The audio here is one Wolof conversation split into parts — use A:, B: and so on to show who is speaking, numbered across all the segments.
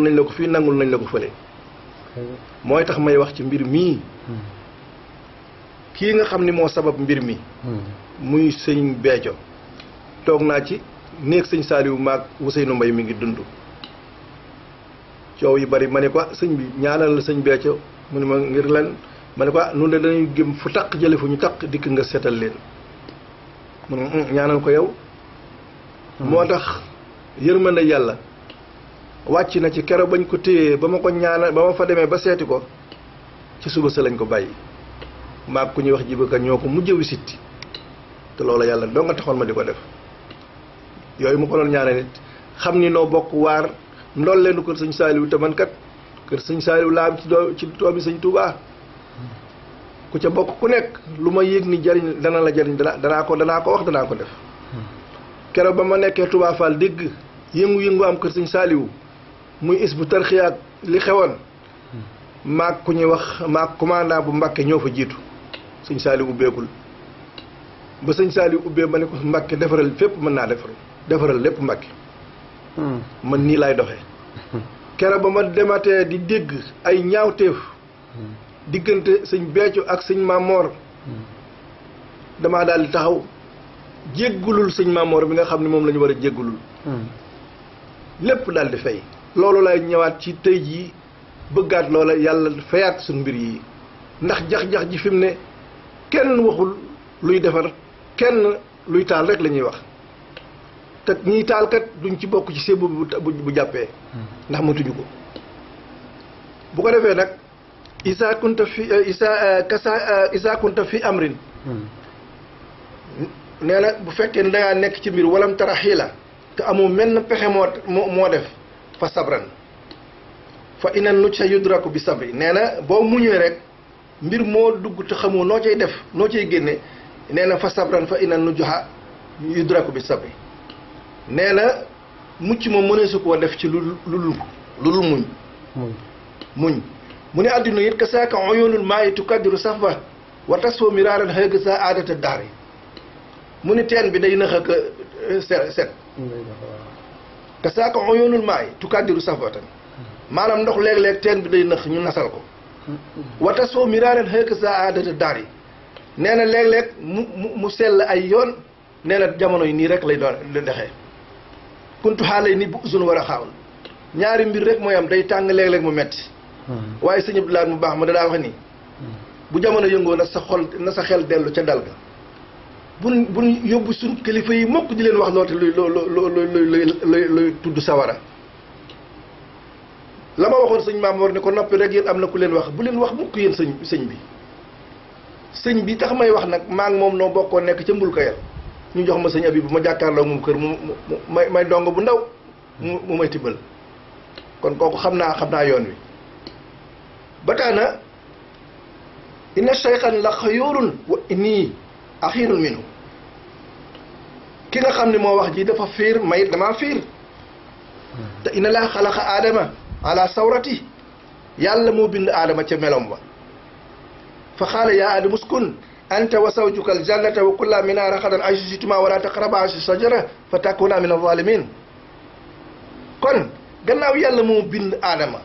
A: nañ la ko fii nangul nañ la ko fële mooy tax may wax ci mbir mii kii nga xam ni moo sabab mbir mi muy sëñ Béthio toog naa ci néeg sëñ Saliou wu Ousseynou mbay mi ngi dund coow yi bari ma ne ah sëñ bi ñaanal la sëñ Béthio mu ne ma ngir lan ma ne ko ah nun de dañuy gëm fu taq jële fu ñu taq dikk nga seetal leen mu ne mm, ñaanal ko yow mm-hmm. moo tax yërmande yàlla wàcc na ci kero bañ ko téyee ba ma ko ñaanal ba ma fa demee ba seeti ko ci suba sa lañ ko bàyyi maag ku ñuy wax jibaka ñoo ko mujj wisit te loolu yàlla doo nga taxoon ma di ko def yooyu mu ko doon ñaane nit xam ni noo bokk waar ndool leenu kër sëñ Saaliw te man kër sëñ Saaliw laa ci doo ci doomi sëñ tubaa ku ca bokk ku nekk lu ma yëg ni jariñ dana la jariñ dana danaa ko danaa ko wax danaa ko def hmm. kero ba ma nekkee Touba Fall dégg yëngu-yëngu am kër sëñ Saaliw muy is bu tarxiya ak li xewoon maag ku ñuy wax maag commandant bu Mbàkke ñoo fa jiitu sëñ Saaliw ubbeekul ba sëñ Saaliw ubbee ma ne ko Mbàkke defaral fépp mën naa defaru defaral lépp Mbàkke hmm. man nii laay doxee kere ba ma dematee di dégg ay ñaawteef diggante sëñ Béthio ak sëñ Mamor damaa daal di taxaw jéggulul sëñ Mamor bi nga xam ne moom lañu war a jéggulul hmm. lépp daal di fay loolu lay ñëwaat ci tey jii bëggaat loola yàlla fayaat suñ mbir yi ndax jax-jax ji fi mu ne kenn waxul luy defar kenn luy taal rek la ñuy wax te ñiy taal duñ ci bokk ci sébu bu jàppee hmm. ndax matuñu ko bu ko defee nag isa kunta fi euh, isa euh, kasa euh, isa fi amrin hmm. nee na bu fekkee ne dangaa nekk ci mbir walam tara xiila te amoo menn pexe moo moo def fa sabran fa inan nu sa yudraku bi sabri nee na boo muñee rek mbir moo dugg te xamoo noo cay def noo cay génne nee na fa sabran fa inan nu joxa yudraku bi sabri nee na mucc moom mëneesu koo def ci lu lu lu muñ muñ mu ne àdduna it ka saaka oyoonul maayi tukaddiru saf ba wa tas foo miraaran xëgg sa aadata daar yi mu ne teen bi day nax eh, set ka saaka uyunul maay tukaddiru safwatan maanaam ndox léeg-léeg teen bi day nëx ñu nasal ko wata soo miraaran xëkk sa aadata daar yi nee na léeg mu mu mu sell ay yoon nee na jamono yi nii rek lay doon dexee kuntu xaalay ni bu usun war a xaawul ñaari mbir rek mooy am day tàng léeg-léeg mu metti hmm. waaye sëñ Abdoulaye mu baax ma danaa wax nii hmm. bu jamono yëngoo na sa xol na sa xel dellu ca dal ga buñ buñ yóbbu suñu kilifa yi mukk di leen wax loote luy loo luy luy tudd sawara la ma waxoon sëñ maam war ne ko noppi rek yéen am na ku leen wax bu leen wax mukk yéen sëñ bi sëñ bi tax may wax nag maa ngi moom noo bokkoo nekk ca mbul kayal ñu jox ma sëñ abi bu ma jàkkaarloo moom kër mu may may dong bu ndaw mu may tibbal kon kooku xam naa xam naa yoon wi ba ina na la xayurun wa axiirun minhu ki xam ne moo wax ji dafa fiir mayit damaa fiir te ina laa xalaqa aadama ala sawrati yàlla moo bind aadama ca melom ba fa xaala yaa aadama uskun anta wa zawjuka aljannata wa kulla minhaa ragadan haysu shitumaa wa laa taqrabaa haadihi shajara fa takuunaa mina az-zaalimiin kon gannaaw yàlla moo bind aadama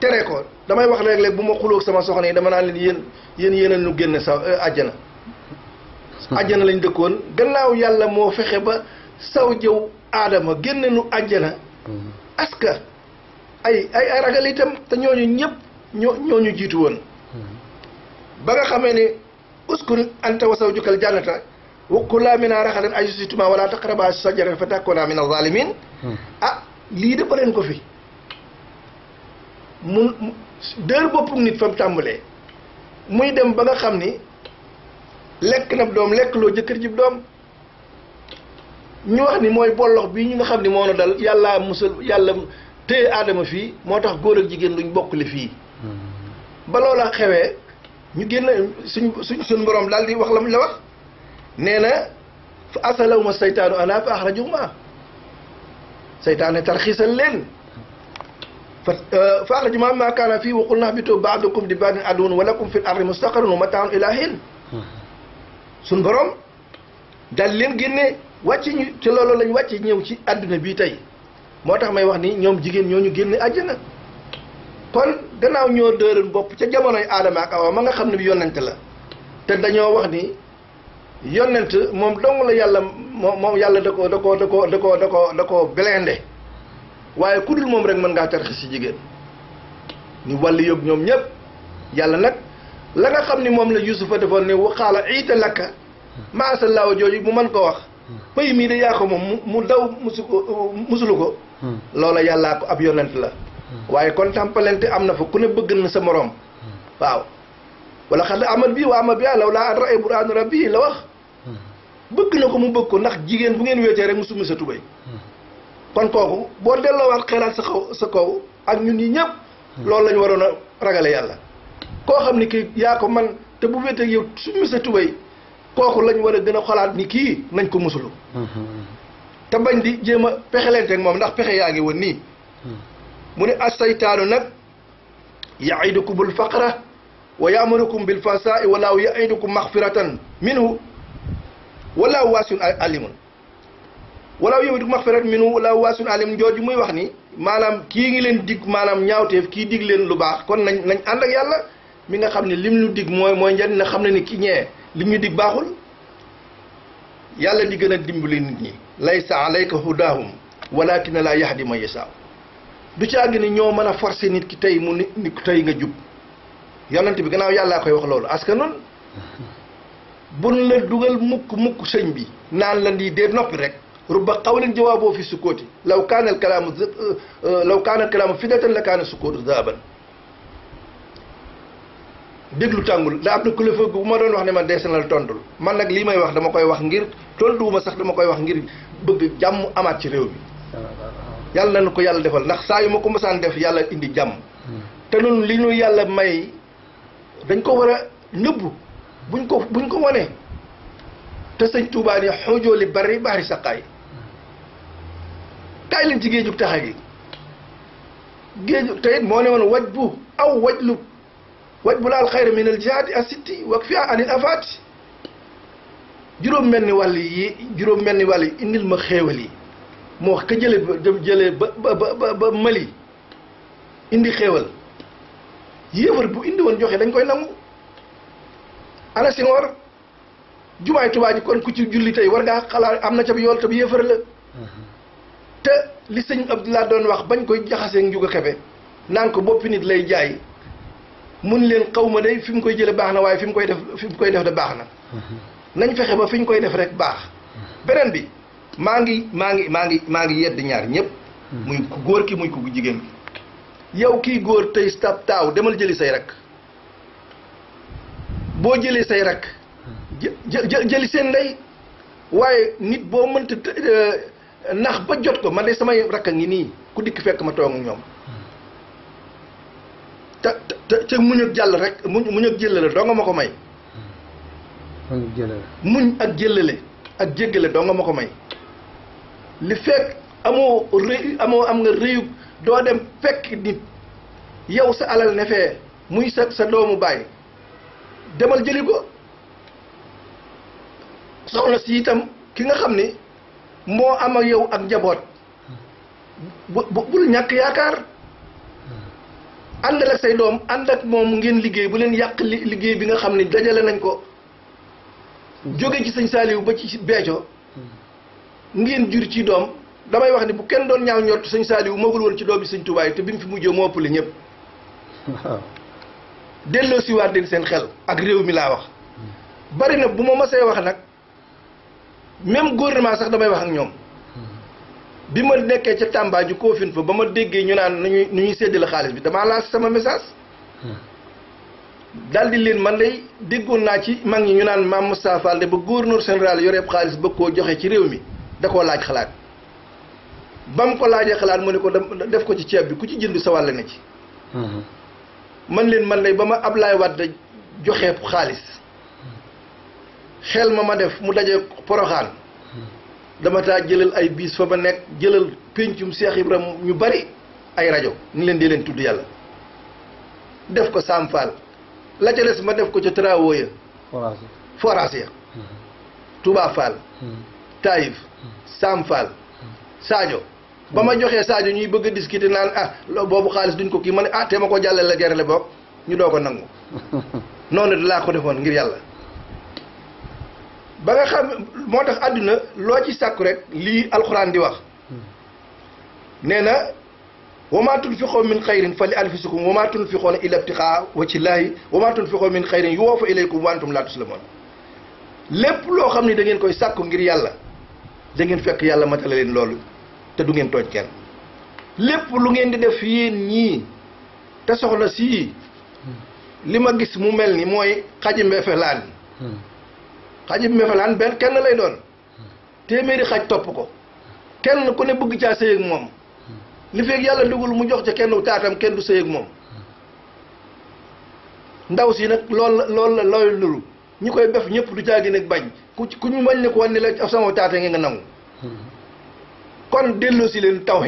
A: tere ko damay wax léeg-léeg bu ma xuloog sama soxna yi dama naan leen yéen yéen yéen a ñu génne sa eh, àjjana àjjana lañ dëkkoon gannaaw yàlla moo fexe ba saw jëw aadama génne nu àjjana aska mm-hmm. ay ay ay ragal itam te ñooñu ñëpp ñoo ñu jiitu woon mm-hmm. ba nga xamee ni uskun anta wa zawjukal jannata wa kulaa minhaa ragadan haysu shi'tumaa wa laa taqrabaa haadihi shajarata fa takuunaa mina zaalimiin mm-hmm. ah lii dafa leen ko fi mu dër boppum nit fa tàmbalee muy dem ba nga xam ni lekk na doom lekk loo jëkkër jib doom ñu wax ni mooy bollox bii ñu nga xam ni moo na dal yàllaa musal yàlla téye aadama fii moo tax góor ak jigéen luñ bokkule fii hmm. ba loola xewee ñu génn suñ suñ suñ borom daal di wax la mu la wax nee na fa asalawma saytaanu ana fa axrajuma saytaane tarxiisal leen fa euh, fa axrajuma ma kaana fii waqul naa bitoo baadukum di baadin aduun walakum fi l ardi mustaqarun wa mataan ila hin hmm. suñ borom dal leen génne wàcc ñu ci loolu lañ wàcc ñëw ci àdduna bii tey moo tax may wax ni ñoom jigéen ñoo ñu génne àjjana kon gannaaw ñoo dëeroon bopp ca jamonoy aadama ak awa ma nga xam ne bi yonent la te dañoo wax ni yonent moom dong la yàlla moom moom yàlla da ko da ko da ko da ko da ko da ko blindé waaye ku dul moom rek mën ngaa tarxis ci jigéen ñu wàlli yóbbu ñoom ñëpp yàlla nag la nga xam ni moom la Yuusufa defoon ne waqaala iita lakka maasallaahu jooju mu man ko wax pëy mii de yaa moom mu daw musu musulu ko hmm. loola yàllaa ko ab yonent la hmm. waaye kon tàmpalante am na fa ku ne bëgg na sa moroom hmm. waaw wala xad amal bii waa ama bi ah, law laa an rae buraan rabbi la wax bëgg na ko mu bëgg ko ndax jigéen bu ngeen wéetee rek mu summi sa tubéy kon kooku boo delloo delloowaat xelaat sa kaw sa kaw ak ñun ñi ñëpp loolu la waroon a ragale yàlla koo xam ni kii yaa ko man te bu wéeteeg yow suñu sa tubay kooku lañ war a gën a xalaat ni kii nañ ko musulu te bañ di jéem a pexelente ak moom ndax pexe yaa ngi woon nii hmm. mu ne asaytaanu nag yaidukum alfaqra wa yaamurukum bilfasaai walaahu yaidukum maxfiratan minhu walaahu waasun alimun walaahu yaidukum maxfiratan minhu walaahu waasun alimun jooju muy wax ni maanaam kii ngi leen dig maanaam ñaawteef kii dig leen lu baax kon nañ nañ ànd ak yàlla mi nga xam ne lim ñu dig mooy mooy njariñ na xam ne ni ki ñee lim ñu dig baaxul yàlla di gën a dimbali nit ñi laysa alayka hudaahum walakin laa yahdi man yashaa du ci àgg ni ñoo mën a forcer nit ki tey mu ni tey nga jub yonent bi gannaaw yàllaa koy wax loolu parce que noonu buñ la dugal mukk mukk sëñ bi naan la di dee noppi rek rubba qawlin jawaaboo fi sukkooti law kaana al kalaamu euh, euh, law kaana al kalaamu fidatan la kaana sukootu zaaban déglu tàngul da am na kilifa bu ma doon wax ne ma dee deesanal tontul man nag lii may wax dama koy wax ngir tontuwuma sax dama koy wax ngir bëgg jàmm amaat ci réew mi yàlla nu ko yàlla defal ndax saa yu ma ko mosaan def yàlla indi jàmm te noonu li ñu yàlla may dañ ko war a nëbbu buñ ko buñ ko wanee te sëñ Tuubaa ni xoojoo li bari bari saqaay kaay leen ci géejug taxa gi géeju te it moo ne woon waj bu aw wajlu wajbul alxayri min aljihaati asitti a anil afaati juróom mel ni wàll yi juróom mel ni wàll indil ma xéewal yi wax ka jële ba indi xéewal yéefar bu indi woon joxe dañ koy nangu ana Senghor jumaay Tuubaa ji kon ku ci julli tey war ngaa xalaat am na ca bi yool te bi yéefar la mhm. te li sëñ Abdoulaye doon wax bañ koy jaxasee njuga kebe naan ko boppi nit lay jaay mun leen xaw ma day fi mu koy jële baax na waaye fi mu koy def fi mu koy def de baax na nañ fexe ba fi ñu koy def rek baax beneen bi maa ngi maa ngi maa ngi maa ngi yedd ñaar ñëpp muy ku góor ki muy ku jigéen ki yow kii góor tey stab taaw demal jëli say rakk boo jëlee say rakk jë jëli seen ndey waaye nit boo mënta euh, nax ba jot ko man de samay rakk a ngi nii ku dikk fekk ma toog ñoom te te muñ ak jàll rek muñ muñ ak jëllale doo nga ma ko may. muñ ak jëllale ak jéggale doo nga ma ko may. li fekk amoo rëy amoo am nga rëyu doo dem fekk nit yow sa alal ne fee muy sa sa doomu baay demal jëli ko soxna si itam ki nga xam ni moo am ak yow ak njaboot bu bul ñàkk yaakaar. àndal ak say doom ànd ak moom ngeen liggéey bu leen yàq liggéey bi nga xam ne dajale nañ ko jóge ci sëñ Saaliw ba ci Béthio ngeen jur ci doom damay wax ni bu kenn doon ñaaw ñort sëñ Saaliw magul woon ci doom bi sëñ Tuubaa te bi mu fi mujjee moo ëppale ñëpp delloo siwaat leen seen xel ak réew mi laa wax bari na bu ma ma masee wax nag même gouvernement sax damay wax ak ñoom bi ma nekkee ca Tamba ju koofin fa ba ma déggee ñu naan nañuy nu ñuy séddale xaalis bi damaa lancé sama message daal leen man day déggoon naa ci mag ñi ñu naan maam Moustapha ba góor ba gouverneur général yoreeb xaalis bëgg koo joxe ci réew mi da koo laaj xalaat ba mu ko laajee xalaat mu ne ko def ko ci ceeb bi ku ci jënd sa wàll ne ci man leen man day ba ma laay Ablaye Wade joxe xaalis xel ma ma def mu daje poroxaan dama taa jëlal ay biis fa ma nekk jëlal péncum Seex Ibrahima ñu bari ay rajo ni leen di leen tudd yàlla def ko Samfal la ca ma def ko ca travaux ya forage ya hmm. Touba Fall hmm. Taïf hmm. Samfal Sadio ba ma joxee saajo ñuy bëgg a discuter naan ah boobu xaalis duñ ko kii ma ne ah te ma ko jàllale la gerle boog ñu doo ko nangu noonu laa ko defoon ngir yàlla ba nga xam moo tax àdduna loo ci sàkku rek lii alxuraan di wax nee na wa maa tunfiqoo min xayrin fa li anfusikum wa maa tunfiqoona illa ibtiqaa wajhillaahi wa maa tunfiqoo min xayrin yuwaafa ilaykum wa antum laa tuslamoon lépp loo xam ni dangeen koy sàkku ngir yàlla da ngeen fekk yàlla matale leen loolu te du ngeen tooñ kenn lépp lu ngeen di def yéen ñii te soxna sii li ma gis mu mel ni mooy xajambe felaan hmm. xajib mefelaan benn kenn lay doon téeméeri xaj topp ko kenn ku ne bëgg caa sëy ak moom li feeg yàlla dugul mu jox ca kenn taatam kenn du sëy ak moom ndaw si nag lool loolu lool la looy lulu koy bef ñëpp du caagi nag bañ ku ku ñu mañ ne ko wane la sama taata nga nga nangu kon delloo si leen taw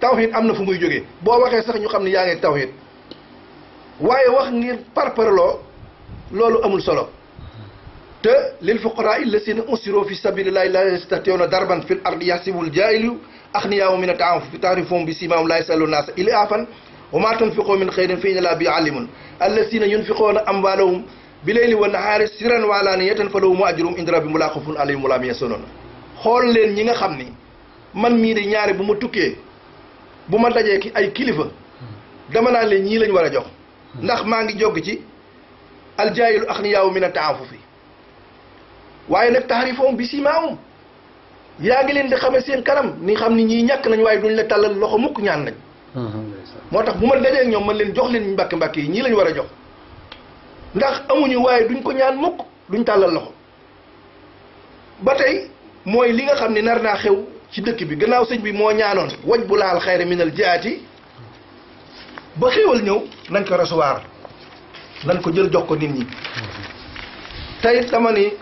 A: tawhid am na fu muy jóge boo waxee sax ñu xam ne yaa ngi taw tawhid waaye wax ngir parparloo loolu amul solo te lil fuqaraa illasiina usiroo fi sabilillahi laa yastati'uuna darban fil ardi yahsabul jaahilu aghniyaa'ahum mina t-ta'affufi ta'rifuhum bi siimaahum laa yas'aluuna n-naasa il'aafan wa maa tunfiquu min xayrin fa inna llaaha bihi 'aalimun allasiina yunfiquuna amwaalahum bilayli wa nahaari sirran wa alaaniyatan falahum ajruhum 'inda rabbihim wa laa khawfun 'alayhim wa laa hum yahzanuun xool leen ñi nga xam ni man mii de ñaari bu ma tukkee bu ma dajee ki ay kilifa dama naa leen ñii lañ war a jox ndax maa ngi jóg ci aljahilu aghniyaa'uhum mina t-ta'affufi waaye nag taxarifoom bi simaahum yaa ngi leen di xamee seen kanam ni xam ni ñii ñàkk nañ waaye duñ la tàllal loxo mukk ñaan nañ moo tax bu ma dajee ñoom man leen jox leen mbàkki mbàkki yi ñii lañ war a jox ndax amuñu waaye duñ ko ñaan mukk duñ tàllal loxo ba tey mooy li nga xam ne nar naa xew ci dëkk bi gannaaw sëñ bi moo ñaanoon waj bu laal xayra minal jaati ba xéewal ñëw nañ ko recevoir nañ ko jël jox ko nit ñi mm-hmm. tey dama ni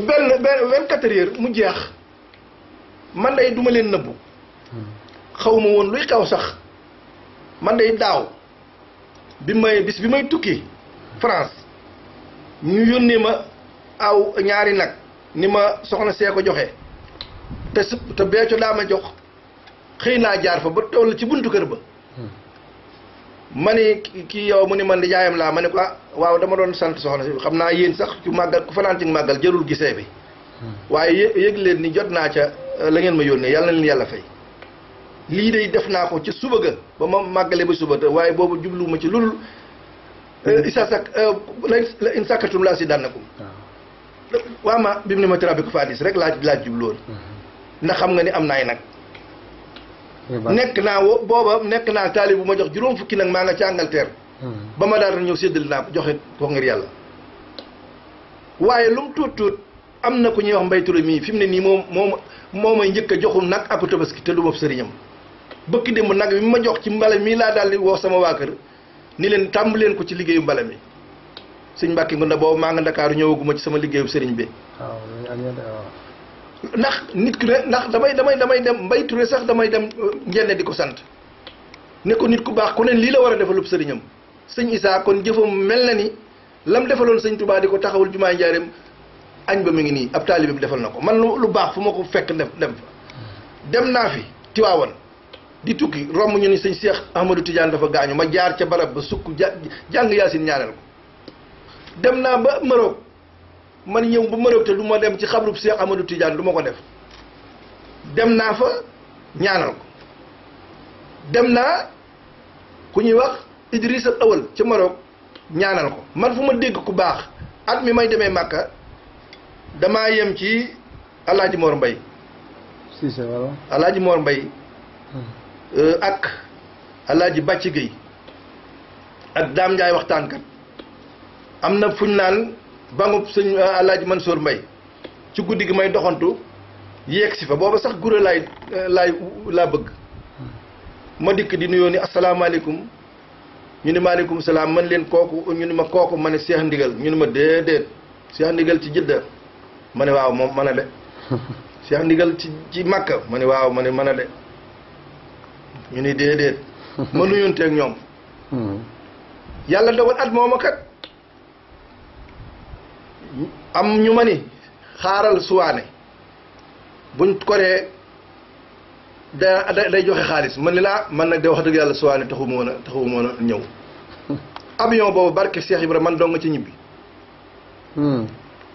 A: benn benn vingt quatre heures mu jeex man day duma leen nëbbu xawma woon luy xew sax man day daaw bi may bis bi may tukki France ñu yónnee ma aw ñaari nag ni ma soxna see ko joxe te su te beeco daa ma jox xëy naa jaar fa ba toll ci buntu kër ba ma ni kii yow mu ni man di jaayam laa ma ni ko ah waaw dama doon sant soxna si xam naa yéen sax ci màggal ku fanaan ci màggal jërul gisee bi hmm. waaye yë leen ni jot naa ca euh, la ngeen ma yónnee yàlla na leen yàlla fay lii de def naa ko ca suba ga ba ma màggalee ba suba te waaye boobu ma ci lulul euh, hmm. isa sak euh, la in sàkkatum laa si dànnakum hmm. waaw ma bi mu ne ma trafiku faadis rek laaj laaj jubloon ndax xam nga ni am naay nag nekk naa wo booba nekk naa taalib bu ma jox juróom fukki nag maa nga ci Angleterre hmm. ba ma daal ñëw séddale naa joxe ko ngir yàlla waaye lu mu tuut tuut am na ku ñuy wax mbaytura mii fi mu ne nii moom moom moo may njëkk a joxum nag ab tabaski te du ma sëriñam bëkk démb nag bi ma jox ci mbale mii laa daal di woo sama waa kër ni leen tàmb leen ko ci liggéeyu mbala mi suñ sëñ Mbàkke Ngunda boobu maa nga Ndakaaru ñëwaguma ci sama liggéeyu sëriñ bi ndax nit ki ne ndax damay damay damay dem Mbaye Touré sax damay dem euh, njenne di ko sant ne ko nit ku baax ku ne lii la war a defalub sëriñam sëñ Issa kon jëfam mel na ni lam defaloon sëñ Touba di ko taxawul jumaa njaareem añ ba mu ngi nii ab taalibe bi defal na ko man lu baax fu ma ko fekk dem dem fa dem naa fi Tiwaawan di tukki romb ñu ni sëñ Cheikh Ahmadou Tidiane dafa gaañu ma jaar ca barab ba sukk jàng yaasin ñaanal ko dem naa ba Maroc man ñëw ba Maroc te du ma dem ci xabrub Cheikh Amadou Tidiane du ma ko def dem naa fa ñaanal ko dem naa ku ñuy wax Idriss al Awal ca Maroc ñaanal ko man fu ma dégg ku baax at mi may demee Màkka dama yem ci Alaaji Mor Mbay Cissé wala Alaaji Mor Mbay hmm. euh, ak Alaaji Bàcc Gueye ak Daam Njaay waxtaankat am na fuñ naan bangub sëñ man euh, Mansour Mbay ci guddi gi may doxantu yéeg si fa booba sax gura laay euh, laay laa bëgg ma dikk di nuyoon ni asalaamaaleykum ñu ni maaleykum salaam man leen kooku ñu ni ma kooku ma ne Seex Ndigal ñu ni ma déedéet Seex Ndigal ci jidda ma ne waaw moom man a de Seex Ndigal ci ci ma ne waaw ma ne man a de ñu ni déedéet ma nuyonteeg ñoom hmm. yàlla dogal at mooma kat am ñu ma ni xaaral suwaane buñ koree da day joxe xaalis man ni laa man nag de wax dëgg yàlla suwaane taxu ma woon a taxu ma woon a ñëw avion boobu barke Cheikh Ibrahima man dong ci ñibbi hmm.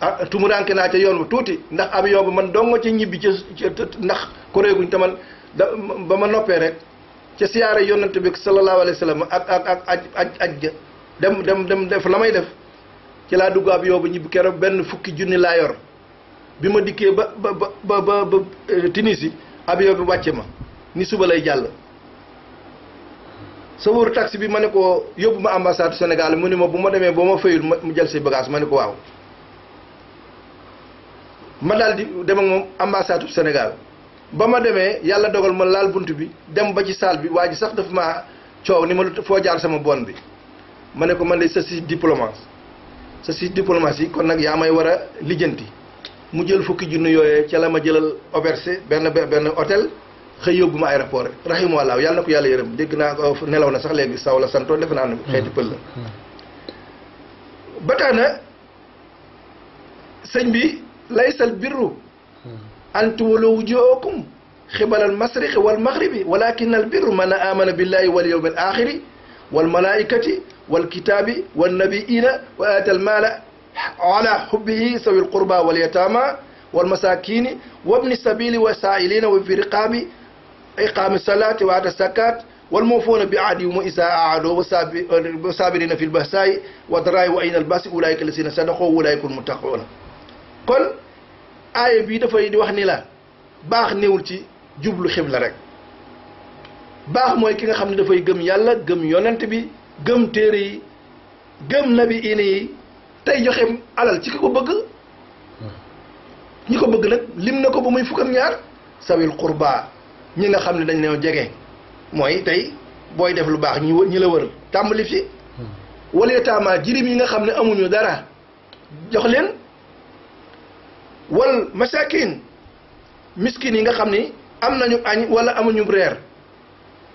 A: ah tumuranke naa ca yoon bu tuuti ndax avion bi man dong ci ñibbi ci ndax koreeguñ guñ man ba ma noppee rek ca siyaare yonante bi sallallahu alayhi wa sallam ak ak ak aj aj aj dem dem dem def la may def ci laa dugg ab yoobu ñibbi keroog benn fukki junni laa yor bi ma dikkee ba ba ba ba ba eh, Tunisie ab yoobu wàcce ma ni suba lay jàll sawóoru taxi bi ma ne ko yóbbu ma ambassade Sénégal mu ni ma bu ma demee boo ma fayul mu jël say bagage ma ne ko waaw ma daldi di dem ak moom Sénégal ba ma demee yàlla dogal ma laal bunt bi dem ba ci salle bi waa ji sax dafa ma coow ni ma foo jaar sama bon bi ma ne ko ma de sa si diplomate sa si diplomatie kon nag yaa may war a lijjanti mu jël fukki junni yooyee ca la ma jëlal auberge benn benn xëy yóbbu ma aéroport rahimu yàlla na ko yàlla yërëm dégg naa ko nelaw na sax léegi sawla la santoon naa ne xeeti pël la ba tax bi laysal birru an tuwallu wujuhakum xibala wal maghribi walakin al birru man amana billahi wal yawmil axiri wal malaikati والكتاب والنبيين وآتى المال على حبه ذوي القربى واليتامى والمساكين وابن السبيل والسائلين وفي رقاب إقام الصلاة وآتى الزكاة والموفون بعهدهم إذا عاهدوا والصابرين في البأساء والضراء وعين البأس أولئك الذين صدقوا أولئك المتقون kon aaya bii dafay di wax ni la baax néewul ci jublu xibla rek baax mooy ki nga xam ne dafay gëm yàlla gëm yonent bi gëm téere yi gëm nabi ini yi tey joxe alal ci ki ko bëgg ñi ko bëgg nag lim na ko ba muy fukk ak ñaar sawil qurba ñi nga xam ne dañ ne jege mooy tey booy def lu baax ñi ñi la wër tàmbali fi wala yataamaa jirim yi nga xam ne amuñu dara jox leen wal masakin miskin yi nga xam ni am nañu añ wala amuñu reer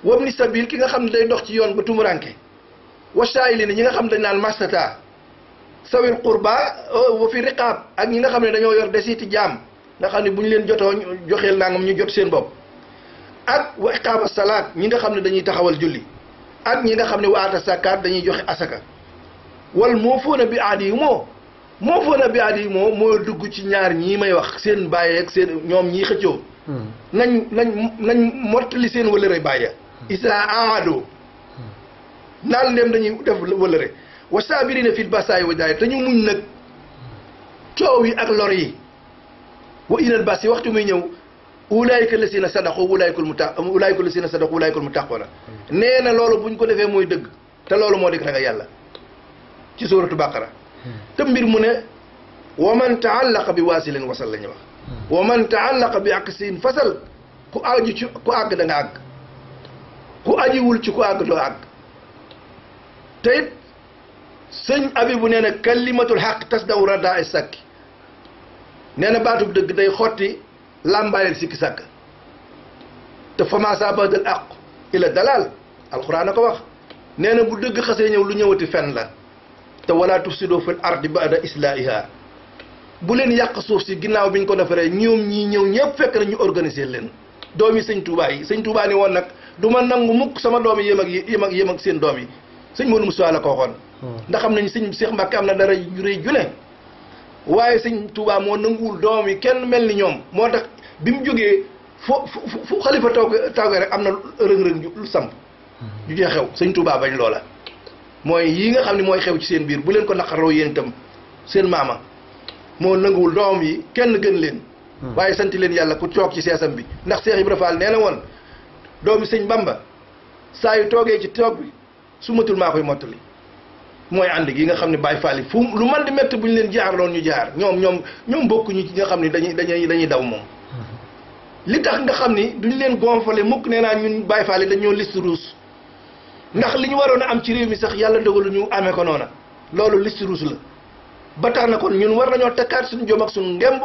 A: wabni sabil ki nga xam ne day dox ci yoon ba tumuraanke wasaa'ilina ñi nga xam dañ naan mastata sawil qurba wa fi riqaab ak ñi nga xam ne dañoo yor desiiti jaam nga xam ne bu ñu leen jotoo joxeel nangam ñu jot seen bopp ak wa iqaama salaat ñi nga xam ne dañuy taxawal julli ak ñi nga xam ne wa aata sakaat dañuy joxe asaka wal moofoona bi aadi yi moo moofoona bi aadi yi moo mooy dugg ci ñaar ñii may wax seen bàyyi ak seen ñoom ñii xëccoo hmm. nañ nañ nañ mottali seen wala rey bàyya hmm. isaa aado naan ndem dañuy def wëlëre wa saabirina fil basaay wa daay dañu muñ nag coow yi ak lor yi wa inal bas yi waxtu muy ñëw ulaayka lasina sadaqu ulaayka mu ta ulaayka lasina sadaqu ulaayka mu taqwala nee na loolu buñ ko defee mooy dëgg te loolu moo di ragal yàlla ci suuratu baqara te mbir mu ne wa man taallaqa bi waasilin wasal la ñu wax wa man taallaqa bi aksin fasal ku aju ci ku àgg da nga àgg ku ajiwul ci ku àgg doo àgg te it sëñ abibu nee na kalimatul xaq tas daw radda ay sàkki nee na baatub dëgg day xotti làmbaayal sikki sàkk te famasa badal aqu ila dalal alxuraan a ko wax nee na bu dëgg xasee ñëw lu ñëwati fenn la te wala tufsido fil ardi ba'da islaahiha bu leen yàq suuf si ginnaaw bi ñu ko defaree ñoom ñii ñëw ñëpp fekk na ñu organiser leen doomi sëñ Tuubaa yi sëñ Tuubaa ni woon nag du ma nangu mukk sama doom yi yem ak yem ak ak seen doom yi sëñ Modou Moussa la ko waxoon. Hmm. ndax xam nañu sëñ Cheikh Mbacke am na dara yu rëy ju waaye sëñ Touba moo nanguwul doom yi kenn mel ni ñoom moo tax bi mu jógee fo fu fu xalifa taw tawge rek am na rëng-rëng lu samp hmm. ju cee xew sëñ Touba bañ loola mooy yi nga xam ne mooy xew ci seen biir bu leen ko naqaroo yéen itam seen maama moo nanguwul doom yi kenn gën leen hmm. waaye santi leen yàlla ku toog ci seesam bi ndax seex Ibra Fall nee na woon doomi sëñ Bamba saa yu toogee ci toog bi su matul maa koy li mooy ànd gi nga xam ne Baay Faal yi fu lu man di métti bu ñu leen jaarloon ñu jaar ñoom ñoom ñoom bokkuñu ci nga xam ne dañuy dañuy dañuy daw moom mm-hmm. li tax nga xam ni duñ leen gonfale mukk nee naa ñun Baay Faal yi dañoo liste rouge ndax li ñu waroon a am ci réew mi sax yàlla dogalu ñu amee ko noona loolu liste ruus la ba tax na kon ñun war nañoo takkaat suñu jom ak suñu ndemb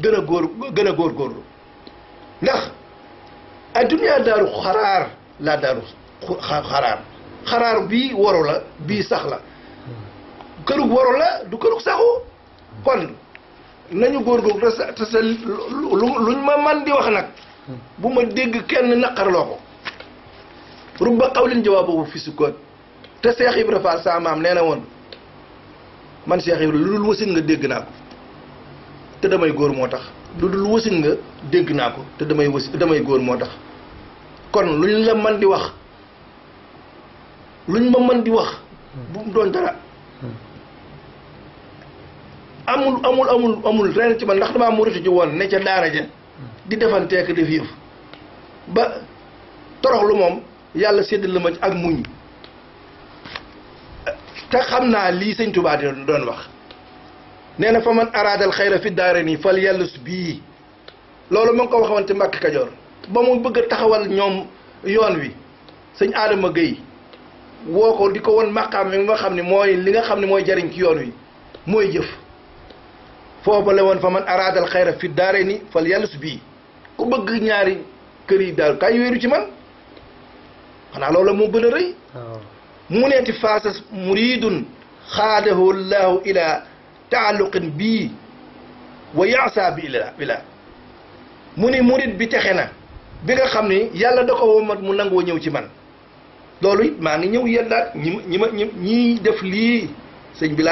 A: gën a góor gën a góorgóorlu ndax adduna daaru xaraar laa daaru xaraar xaraar bii waru la bii sax la kërug waru la du kërug saxu kon nañu góor te sa luñ ma man di wax nag bu ma dégg kenn naqarloo ko rubba qawlin jawaabuhu fi sukkoot te Cheikh Ibra Fall sa maam nee na woon man Cheikh Ibra lu dul wasin nga dégg naa ko te damay góor moo tax lu dul wasin nga dégg naa ko te damay was damay góor moo tax kon luñ la man di wax luñ ma mën di wax bu mu doon dara amul amul amul amul ren ci man ndax dama mu rëcc ci woon ne ca daara ja di defanteek def yëf ba torox lu moom yàlla séddal la ma ak muñ te xam naa lii sëñ Tuubaa doon wax nee na fa man araadal xayra fi daara nii fal yàllus bii loolu ma ko waxawante Mbàkke Kajoor ba mu bëgg taxawal ñoom yoon wi sëñ Adama Gueye woo ko di ko won maqaam mi nga xam ne mooy li nga xam ne mooy jariñ ci yoon mooy jëf foofu la woon fa man araadal xayra fi daare ni fa yàlla si bii ku bëgg ñaari kër yi daal kaay wéeru ci man xanaa loolu moo gën a rëy mu neeti faasas muridun xaadahu llahu ila taalluqin bii wa yaasa bi ila bila mu ni murid bi texe na bi nga xam ni yàlla da ko womat mu nangoo ñëw ci man loolu it maa ngi ñëw yeddaat ñi ma ñi ma ñi def lii sëñ bi laay